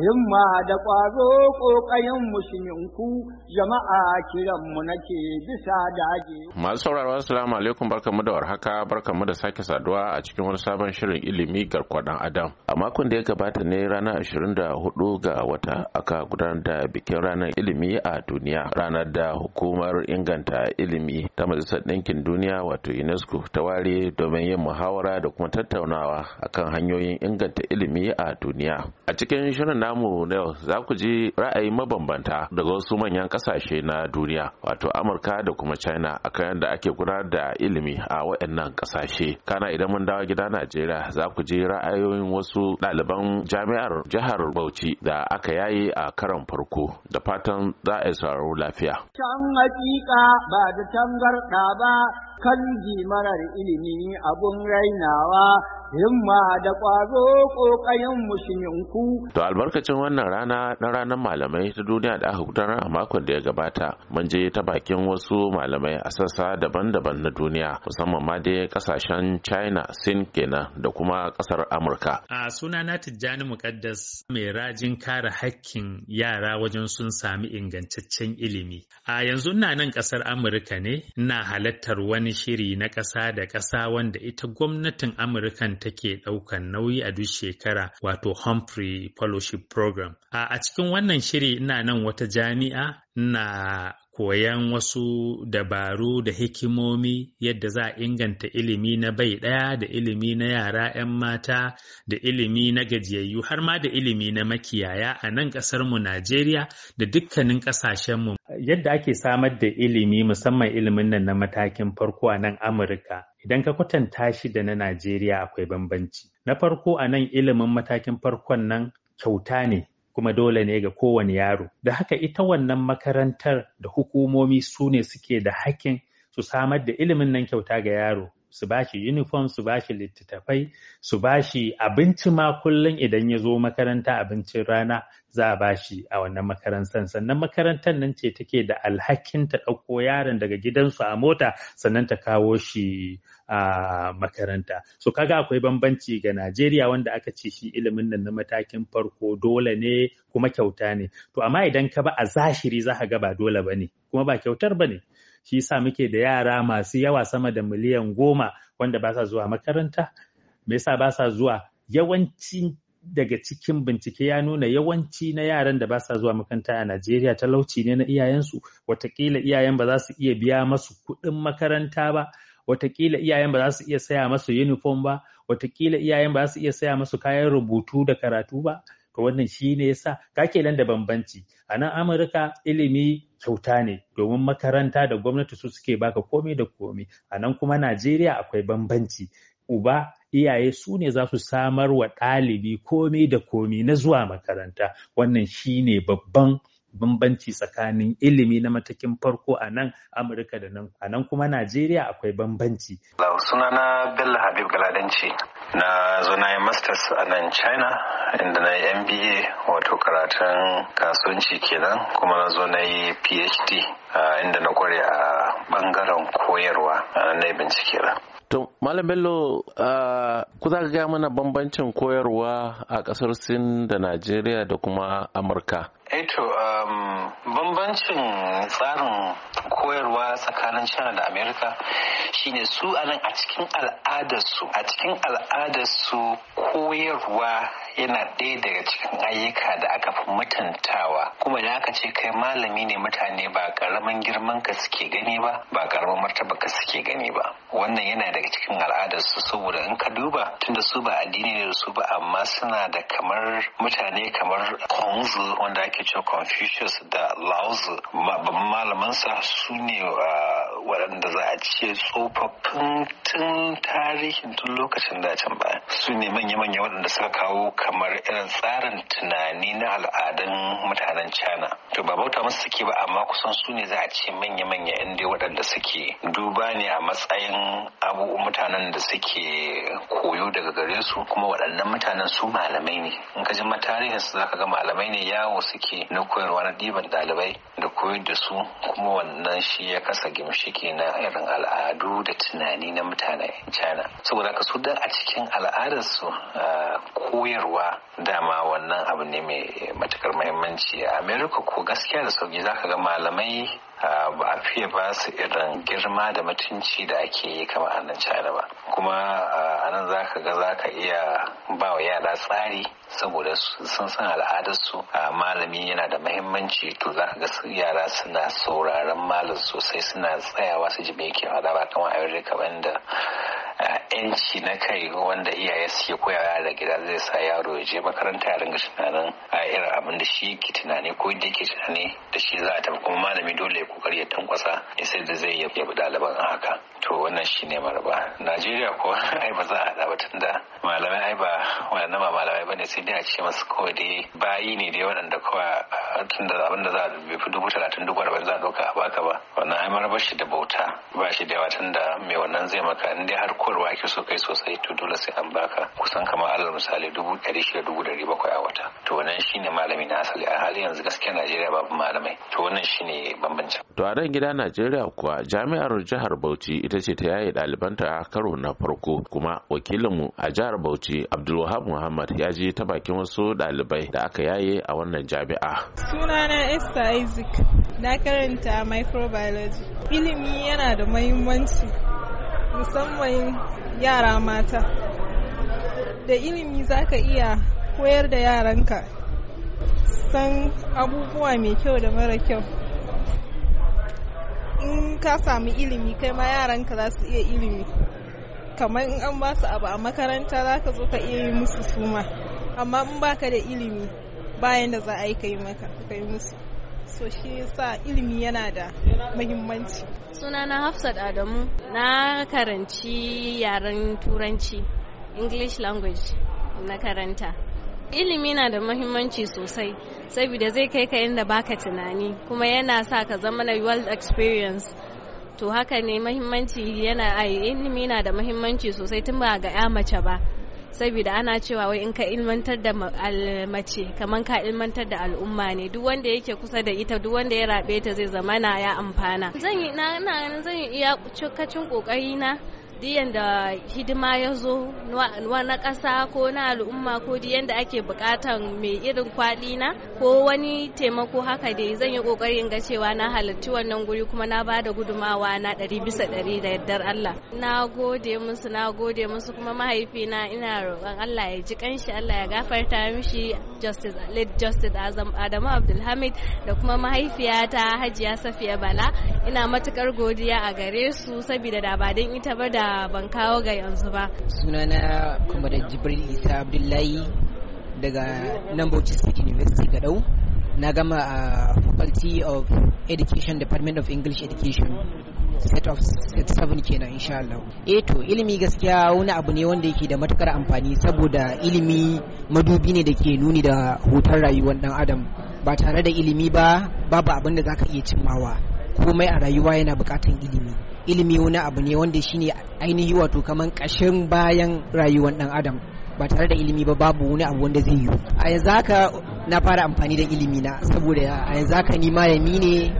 himma da ƙwazo ƙoƙayen musulminku jama'a kiranmu nake bisa da daji. Masu sauraro assalamu alaikum barkamu da warhaka barkamu da sake saduwa a cikin wani sabon shirin ilimi garkwadan adam. A makon da ya gabata ne ranar 24 ga wata aka gudanar da bikin ranar ilimi a duniya ranar da hukumar inganta ilimi ta majalisar ɗinkin duniya wato UNESCO ta ware domin yin muhawara da kuma tattaunawa akan hanyoyin inganta ilimi a duniya. A cikin shirin namu na yau za ku ji ra'ayi mabambanta daga wasu manyan kasashe na duniya wato Amurka da kuma China akan yadda ake gudanar da ilimi a waɗannan kasashe. Kana idan mun dawo gida Najeriya za ku ji ra'ayoyin wasu ɗaliban jami'ar jihar Bauchi da aka yayi a karon farko da fatan za a yi lafiya. Can hakika ba da tangarɗa ba kanji marar ilimi abun rainawa himma da ƙwazo ƙoƙarin musulminku. To albarkacin wannan rana na ranar malamai ta duniya da aka gudanar a makon da ya gabata mun je ta bakin wasu malamai a sassa daban-daban na duniya musamman ma dai kasashen China, Sin kenan da kuma kasar Amurka. A na Tijjani Muƙaddas mai rajin kare hakkin yara wajen sun sami ingantaccen ilimi. A yanzu ina nan ƙasar Amurka ne na halartar wani wani shiri na ƙasa da ƙasa wanda ita gwamnatin Amurkan take ɗaukan nauyi a duk shekara wato Humphrey Fellowship Program. A cikin wannan shiri ina nan wata jami'a na koyan wasu dabaru da hikimomi yadda za a inganta ilimi na bai ɗaya da ilimi na yara 'yan mata da ilimi na gajiyayyu har ma da ilimi na makiyaya a nan ƙasarmu Najeriya da dukkanin ƙasashenmu. Yadda ake samar da ilimi musamman ilimin nan na matakin farko a nan Amurka idan ka kwatanta shi da na Najeriya akwai bambanci. Na farko a nan ilimin matakin farkon nan kyauta ne kuma dole ne ga kowane yaro. Da haka ita wannan makarantar da hukumomi su ne suke da hakin su samar da ilimin nan kyauta ga yaro su bashi uniform su bashi littattafai su bashi abinci ma kullum idan ya zo makaranta abincin rana za a bashi a wannan makarantar sannan makarantar nan ce take da alhakin ta ɗauko yaron daga gidansu a mota sannan ta kawo shi a makaranta so kaga akwai bambanci ga Najeriya wanda aka ce shi ilimin nan na matakin farko dole ne kuma kyauta ne to amma idan ka ba a zahiri za ka ga ba dole ba ne kuma ba kyautar ba ne shi yasa muke da yara masu yawa sama da miliyan goma wanda ba sa zuwa makaranta me yasa ba sa zuwa yawanci daga cikin bincike ya nuna yawanci na yaran da ba sa zuwa makaranta a Najeriya talauci ne na iyayensu watakila iyayen ba za su iya biya masu kuɗin makaranta ba watakila iyayen ba za su iya saya masu uniform ba watakila iyayen ba za su iya saya masu kayan rubutu da karatu ba ko wannan shi ne yasa ke nan da bambanci a nan amurka ilimi kyauta ne domin makaranta da gwamnati su suke baka komai da komai a nan kuma najeriya akwai bambanci uba iyaye su ne za su samar wa ɗalibi komai da komai na zuwa makaranta wannan shi ne babban bambanci tsakanin ilimi na matakin farko a nan Amurka da nan a nan kuma Najeriya akwai bambanci. na Bello Habib Galadanci na zo yi masters a nan China inda na yi MBA wato karatun kasuwanci kenan kuma na zo na yi PhD inda na kware a bangaren koyarwa a nan na yi bincike To, Malam Bello, ku za ka gaya mana bambancin koyarwa a ƙasar Sin da Najeriya da kuma Amurka? Eto, eh um, bambancin tsarin koyarwa tsakanin china da america shine su anan a cikin al'adarsu a cikin al'adarsu koyarwa yana ɗaya daga cikin ayyuka da aka fi mutuntawa kuma da aka ce kai malami ne mutane ba ƙaramin girman ka suke gani ba ba karamin martaba ka suke gani ba wannan yana daga cikin al'adarsu saboda in ka duba tunda su ba addini ne da su ba amma suna da kamar mutane kamar Kongzi wanda ake cewa Confucius da lauzu babban malamansa 枢纽啊。waɗanda za a ce tsofaffin tun tarihin tun lokacin dacin baya su ne manya-manya waɗanda suka kawo kamar irin tsarin tunani na al'adun mutanen cana to ba bauta musu suke ba amma kusan su ne za a ce manya-manya inda waɗanda suke duba ne a matsayin abubuwan mutanen da suke koyo daga gare su kuma waɗannan mutanen su malamai ne in ka ji tarihin su zaka ga malamai ne yawo suke na koyarwa na ɗiban ɗalibai da koyar da su kuma wannan shi ya kasa gimshi ciki na irin al'adu da tunani na mutanen china saboda ka su dan a cikin al'adarsu koyarwa dama wannan abu ne mai matukar mahimmanci a america ko gaskiya da sauki zaka ga malamai ba a fiye ba su irin girma da mutunci da ake yi kama a nan china ba kuma a nan za ka ga za ka iya ba wa yara tsari saboda sun san al'adarsu a malami yana da mahimmanci to za ka ga su yara suna sauraron malam sosai suna tsayawa su ji me yake faɗa ba kamar a yi da yanci na kai wanda iyaye suke koyawa da gida zai sa yaro ya je makaranta ya ringa tunanin a irin abin da shi ke tunani ko da ke tunani da shi za a tafi kuma malami dole ya kokari ya tankwasa ya sai da zai yabi ɗaliban haka to wannan shi ne maraba najeriya ko ai ba za a haɗa ba da malamai ai ba waɗannan ba malamai ba ne sai dai a ce masu kawai dai bayi ne dai waɗanda kawai tun da abin da za a bai fi dubu talatin dubu arba'in za a ɗauka a baka ba wannan ai mara bashi da bauta ba shi da yawa tun da mai wannan zai maka in dai har koyarwa ake so kai sosai to dole sai an baka kusan kamar alal misali dubu ɗari shida dubu ɗari bakwai a wata to wannan shine malami na asali a halin yanzu gaskiya Najeriya babu malamai to wannan shine bambancin. To a nan gida Najeriya kuwa jami'ar jihar Bauchi ita ce ta yaye ɗalibanta karo na farko kuma wakilinmu a jihar Bauchi Abdulwahab Muhammad ya je ta bakin wasu ɗalibai da aka yaye a wannan jami'a. Sunana Esther Isaac, na karanta microbiology. Ilimi yana da mahimmanci musamman yara mata. Da ilimi za ka iya koyar da yaranka san abubuwa mai kyau da mara kyau. In ka samu ilimi, kai ma yaranka za su iya ilimi. kamar in an ba su abu a makaranta za ka zo ka iya yi musu suma amma in baka da ilimi bayan da za a yi kai maka kai musu so shi yasa ilimi yana da muhimmanci na Hafsat Adamu na karanci yaren turanci English language na karanta ilimi na da muhimmanci sosai saboda zai kai ka inda baka tunani kuma yana sa ka zama na world experience to haka ne mahimmanci yana a ilimi na da mahimmanci sosai tun ba ga ya mace ba saboda ana cewa wai in ka ilmantar da mace kamar ka ilmantar da al'umma ne duk wanda yake kusa da ita duk wanda ya rabe ta zai zama na ya amfana zan yi na zan yi iya kokari na diyan da hidima ya zo na ƙasa ko na al'umma ko diyan da ake buƙatan mai irin kwaɗi na ko wani taimako haka dai zan yi ƙoƙarin ga cewa na halarci wannan guri kuma na ba da gudumawa na ɗari bisa ɗari da yardar Allah. Na gode musu na gode musu kuma mahaifina ina roƙon Allah ya ji ƙanshi Allah ya gafarta mishi justice late justice azam adamu abdulhamid da kuma mahaifiyata hajiya safiya bala ina matukar godiya a gare su saboda da ba don ita ba da ban kawo ga yanzu ba sunana kuma da jibril isa abdullahi daga nan bauchi state university gadau na gama a faculty of education department of english education set of set 7 kenan insha Allah eh to ilimi gaskiya wani abu ne wanda yake da matukar amfani saboda ilimi madubi ne da ke nuni da hutar rayuwar dan adam ba tare da ilimi ba babu abin da zaka iya cimmawa komai a rayuwa yana bukatan ilimi ilimi wani abu ne wanda shine ainihi wato kaman kashin bayan rayuwar dan adam ba tare da ilimi ba babu wani abu wanda zai yi a yanzu haka na fara amfani da ilimi na saboda a yanzu haka ni malami ne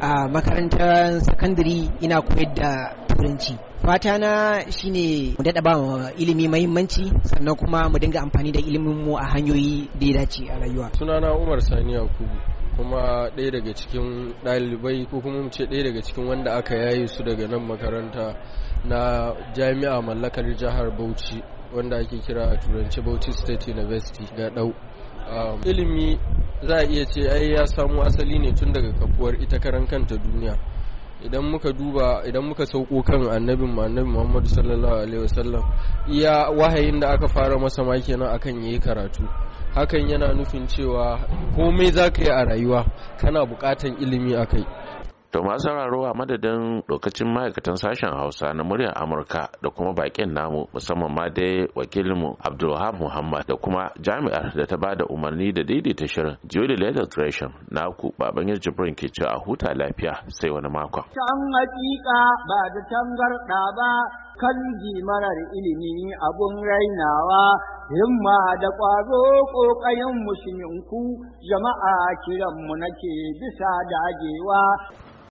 a makarantar sakandare ina koyar da turanci fata na shine mu daɗa ba ilimi mahimmanci sannan kuma mu dinga amfani da ilimin mu a hanyoyi da ya dace a rayuwa sunana umar sani yakubu kuma ɗaya daga cikin ɗalibai ko kuma mu ce ɗaya daga cikin wanda aka yaye su daga nan makaranta na jami'a mallakar jihar bauchi wanda ake kira a turanci bauchi state university ga ɗau ilimi za a iya ce ai ya samu asali ne tun daga kafuwar ita karan kanta duniya idan muka duba idan muka sauko kan annabin annabi Muhammadu sallallahu alaihi wasallam iya wahayin da aka fara masa ma kenan akan yi karatu hakan yana nufin cewa komai ka yi a rayuwa kana bukatan ilimi a kai. To masu sauraro a madadin lokacin ma'aikatan sashen Hausa na muryar Amurka da kuma bakin namu musamman ma dai wakilinmu Abdulwahab Muhammad da kuma jami'ar da ta bada umarni da daidaita shirin Julie Leather Gresham na ku baban Jibrin ke cewa huta lafiya sai wani makon. Can hakika ba da tangarda ba kan marar ilimi abun rainawa himma da ƙwazo ƙoƙayen mushinku jama'a kiranmu nake bisa dagewa.